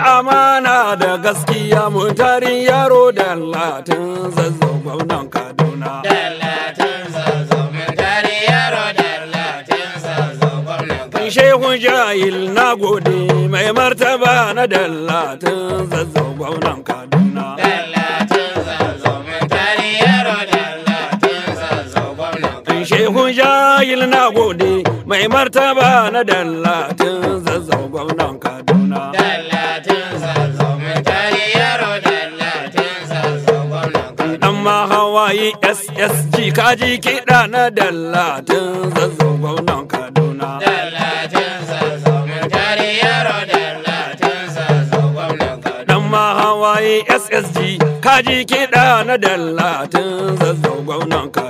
amana da gaskiya tarin yaro da latin zazzau gwamnan kaduna Shehun jahil na gode mai martaba na dallatin zazzau gwamnan kaduna. Ismail na gode mai martaba na dallatin zazzau gwamnan Kaduna. Dallatin zazzau mutane yaro dallatin zazzau gwamnan Kaduna. Dan ma hawaye SSG kaji kiɗa na dallatin zazzau gwamnan Kaduna. Dallatin zazzau mutane yaro dallatin zazzau gwamnan Kaduna. Dan ma hawaye SSG kaji kiɗa na dallatin zazzau gwamnan Kaduna.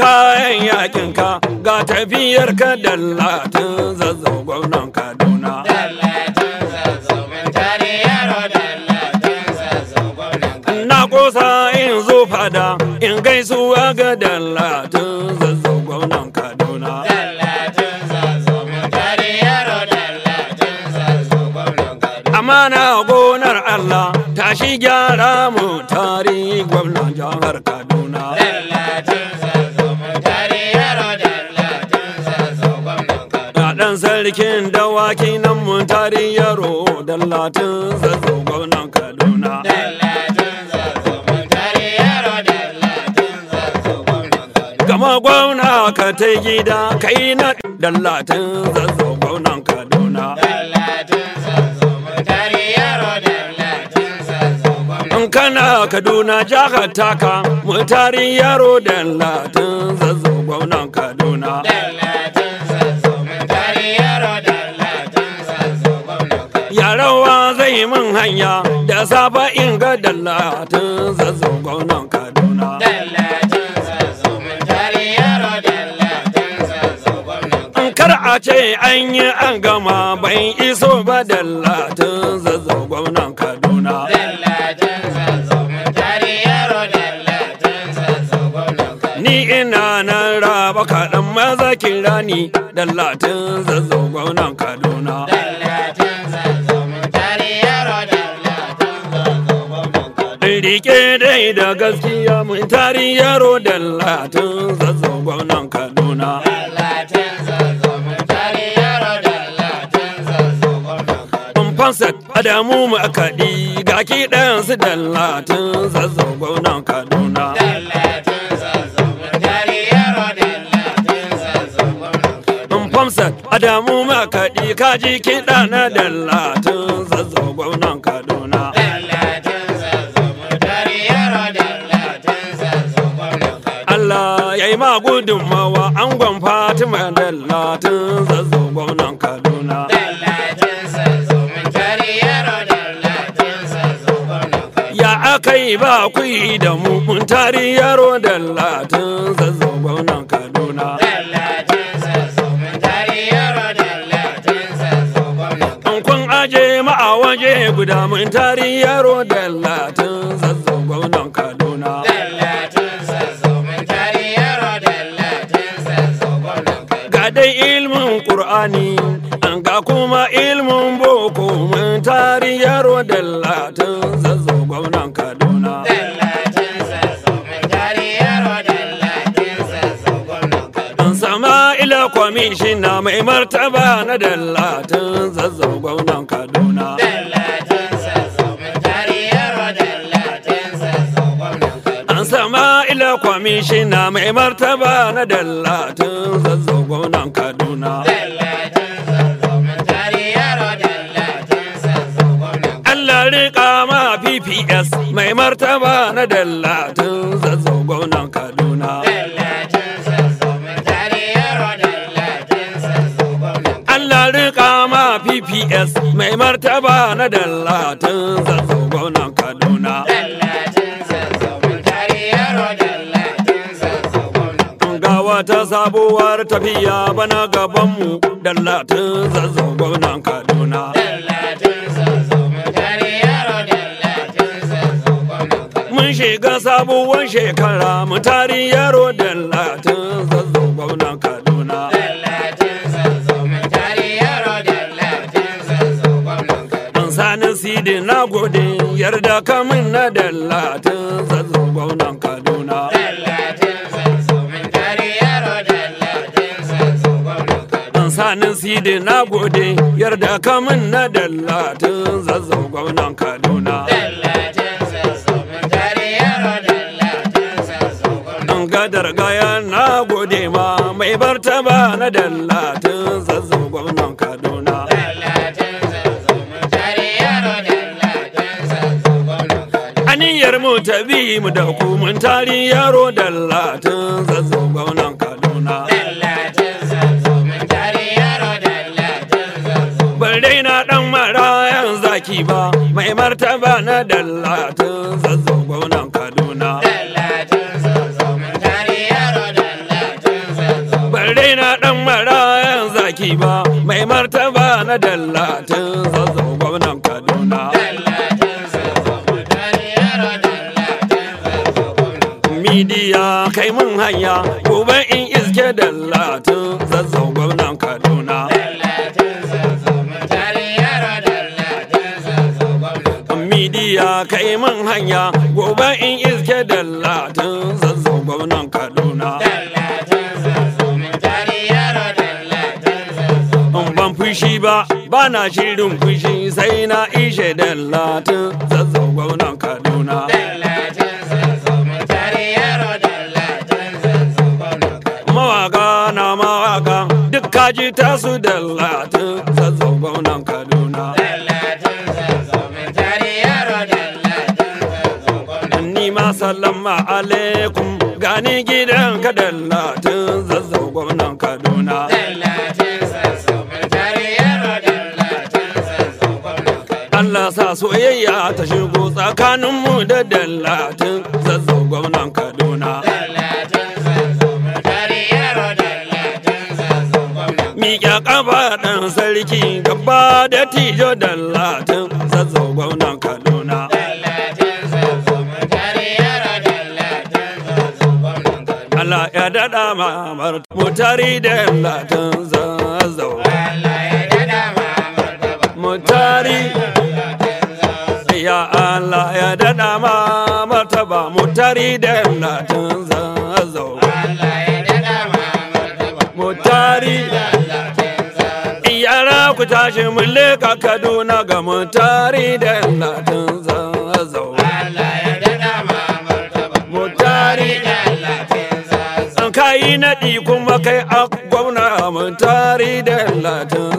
kayan yakin ka ga tafiyar ka dallatin zazzau gwamnan kaduna na kusa in zo fada in gaisuwa ga dallatin zazzau gwamnan kaduna amana gonar allah tashi gyara mu tari gwamnan jihar kaduna sarkin dawaki nan mun tari yaro dallatin zazzau gwamnan kaduna gama gwamna ka ta gida kai na dallatin zazzau gwamnan kaduna in kana kaduna jihar taka mutarin yaro dallatin zazzau gwamnan kaduna rawa zai min hanya da safa in ga dallatin zazzau gwamnan kaduna kar a ce an yi an gama bai iso ba dallatin zazzo gwamnan kaduna ni ina nan raba kaɗan maza rani dallatin zazzo gwamnan kaduna rike dai da gaskiya mun tari yaro dallatin zazzau nan kaduna Fansat Adamu mu akaɗi ga ki ɗansu dallatin zazzau nan Kaduna. Fansat Adamu mu akaɗi ka ji kiɗa na dallatin zazzau Kaduna. kai ma gudunmawa angon Fatima Dallatin zazzau gwamnan Kaduna. Dallatin zazzau mun tare yaro Dallatin zazzau gwamnan Kaduna. Ya aka yi ba ku yi da mu mun tari yaro Dallatin zazzau gwamnan Kaduna. Dallatin zazzau mun tare yaro Dallatin zazzau gwamnan Kaduna. Kun aje ma a waje guda mun tari yaro Dallatin An ga kuma ilmin boko mun tariyar dallatin zazzo gwamnan kaduna Sama'ila kwamishina mai martaba na dallatin zazzo gwamnan Kaduna. An sama ila kwamishina mai martaba na dallatin zazzo gwamnan Kaduna. ps mai martaba na Dalla tun zazzo gwamnan kaduna pps mai martaba na Dalla tun zazzo gwamnan kaduna ta sabuwar tafiya bana gabanmu dallatin zazzau gwamnan kaduna dallatin zazzau mutane mun shiga sabuwar shekara mu tari yaro da latin zazzo gwamnan kaduna Sanin sidi na gode yarda kamun na da latin zazzo gwamnan kaduna. sanin sidi na gode yarda kamun na dallatin zazzau gwamnan kaduna. targaya na gode ma mai barta ba na dallatin zazzau gwamnan kaduna aniyar mu ta bi mu da hukumin tari yaro dallatin zazzau gwamnan kaduna bare na dan yan zaki ba mai martaba na dallatin aiki ba mai martaba na dallatin zazzau gwamnan kaduna midiya kai mun hanya gobe in iske dallatin zazzau gwamnan kaduna midiya kai mun hanya gobe in iske dallatin fushi ba bana shirin fushi sai na ishe da latin zazzau gwamnan kaduna mawaka na mawaka duk kaji tasu da latin zazzau gwamnan kaduna Nima sallama alaikum gani gidan ka da latin zazzau gwamnan kaduna sa soyayya ta shigo tsakaninmu da dallatin zazzau gwamnan Kaduna. Miƙa ƙafa ɗan sarki gaba da tijo dallatin zazzau gwamnan Kaduna. Allah ya daɗa mamar mutari da dallatin zazzau. Allah ya daɗa mamar mutari. da ya Allah ya dada ma martaba mutari da latin zazzau. Allah ya dada Yara ku tashi mun leka Kaduna ga mutari da Allah ya dada ma Kai naɗi kuma kai a gwamna tari da latin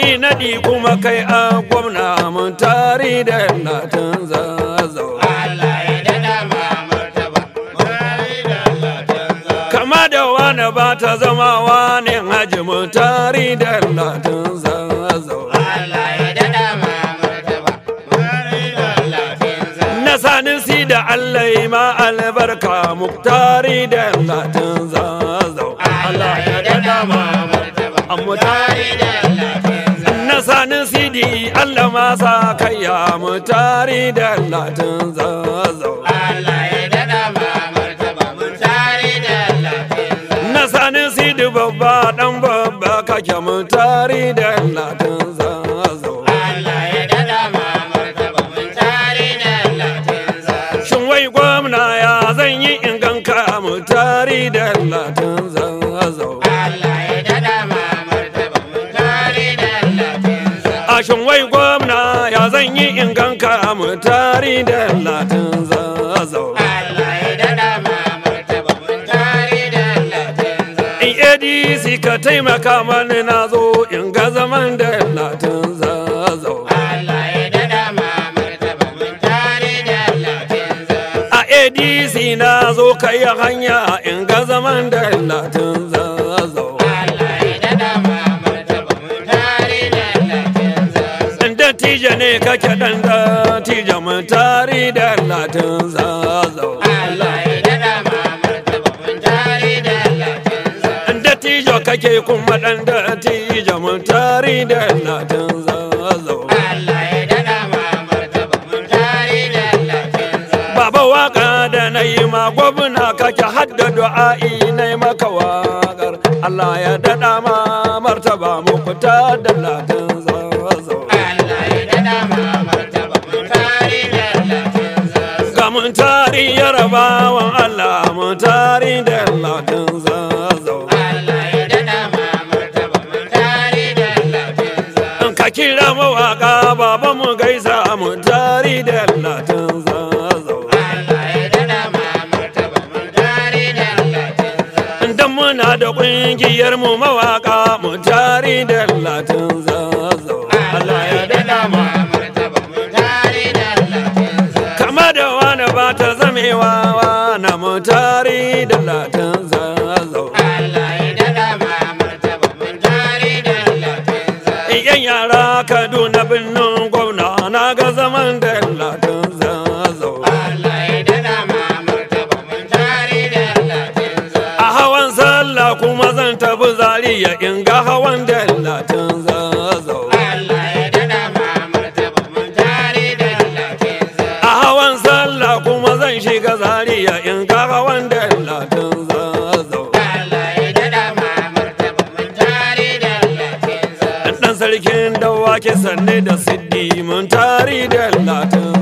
yi naɗi kuma kai a gwamna mun tari da yannatin zazzau. Allah ya dada ma martaba, mun da yannatin Kama da wani ba ta zama wani haji mun tari da yannatin zazzau. Allah ya dada ma martaba, mun da yannatin Na sanin si da Allah yi ma albarka mu tari da yannatin zazzau. Allah ya dada ma martaba, mun tari da yannatin Fulani sidi Allah masa kaya mu tari da tun zazo. Allah ya dada ma martaba mu tari da Allah tun Na sani sidi babba dan babba kake mu tari da tun zazo. Allah ya dada ma martaba mu tari da tun zazo. Shin wai gwamna ya zan yi in ganka mu tari da latin zazzau. in ganka mu tari da latin zazzau. Allah dada mun tari da latin ka taimaka mani na zo in ga zaman da latin zazzau. Allah ya dada mamartaba mun tari da latin zazzau. A ADC na zo kai hanya in ga zaman da latin zazzau. ne ne kake dan da tijamin tari da latin zazo. Allah ya dada ma tababin tari da latin zazo. Inda tijo kake kuma dan da tijamin tari da latin zazo. Allah ya dada ma tababin tari da latin zazo. Baba waka da na yi ma gwamna kake hadda du'a'i na maka wa. Allah ya dada ma. tari yarabawan Allah mun tari da latin zazzau Allah ya dana ma martaba mu tari da kan zazzau ka kira mawaƙa baba mu gaisa mun tari da latin zazzau Allah ya dana ma martaba mu tari da kan zazzau dan muna da kungiyar mu mawaka mun tari da kan tare da latin Iyan yara Kaduna birnin gwamna na ga zaman da latin A hawan sallah kuma zan tafi zariya ya inga hawan da Maria in gaga wanda latin zazzau. Allah ya dada ma martaba mun tari da latin zazzau. Ɗan sarkin ke sanne da siddi mun tari da latin zazzau.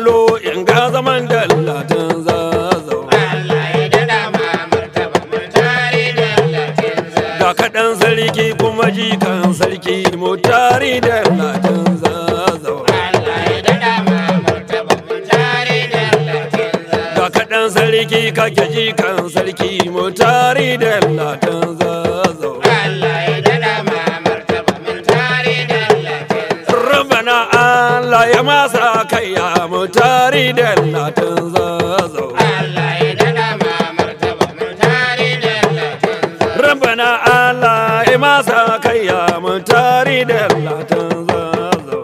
dan sarki kuma jikan sarki mutari da latin zazawa. Allah ya dada ma martaba mutari da latin zazawa. Da kaɗan sarki kake jikan sarki mutari da latin zazawa. Allah ya dada ma martaba mutari da latin zazawa. rabana Allah ya masa kai ya mutari da latin zazawa. Allah ya dada ma martaba mutari da latin zazawa. Rabbana Allah ai masa kayya mun tari da latin zazo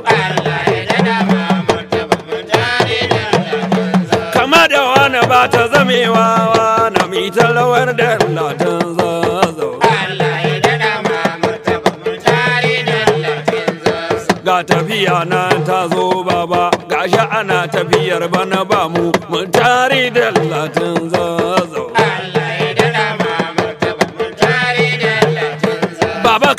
kama da wani ba ta zamewa wani mi talawar da latin zazo ga tafiya nan ta zo baba gashi ana tafiyar bana ba mu mun tari da latin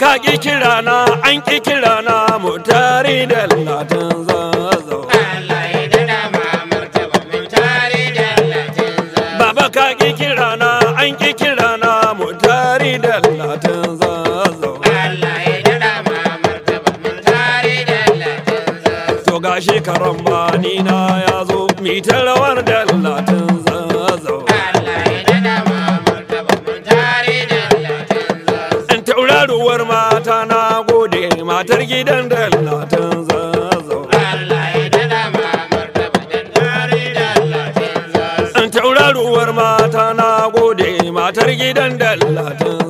ka ki kira na an ki kira na mu tare da latin zazzau Allah ya dada ma martaba mu tare da latin zazzau Baba ka ki kira na an ki kira na mu tare da latin zazzau Allah ya dada ma martaba mu tare da latin zazzau To gashi karambani na ya zo mi tarawar da uwar mata na gode matar gidan latin zazzau. Allah ya dada mamar da bakin tare dallatin zazzau. Tauraruwar mata na gode matar gidan dallatin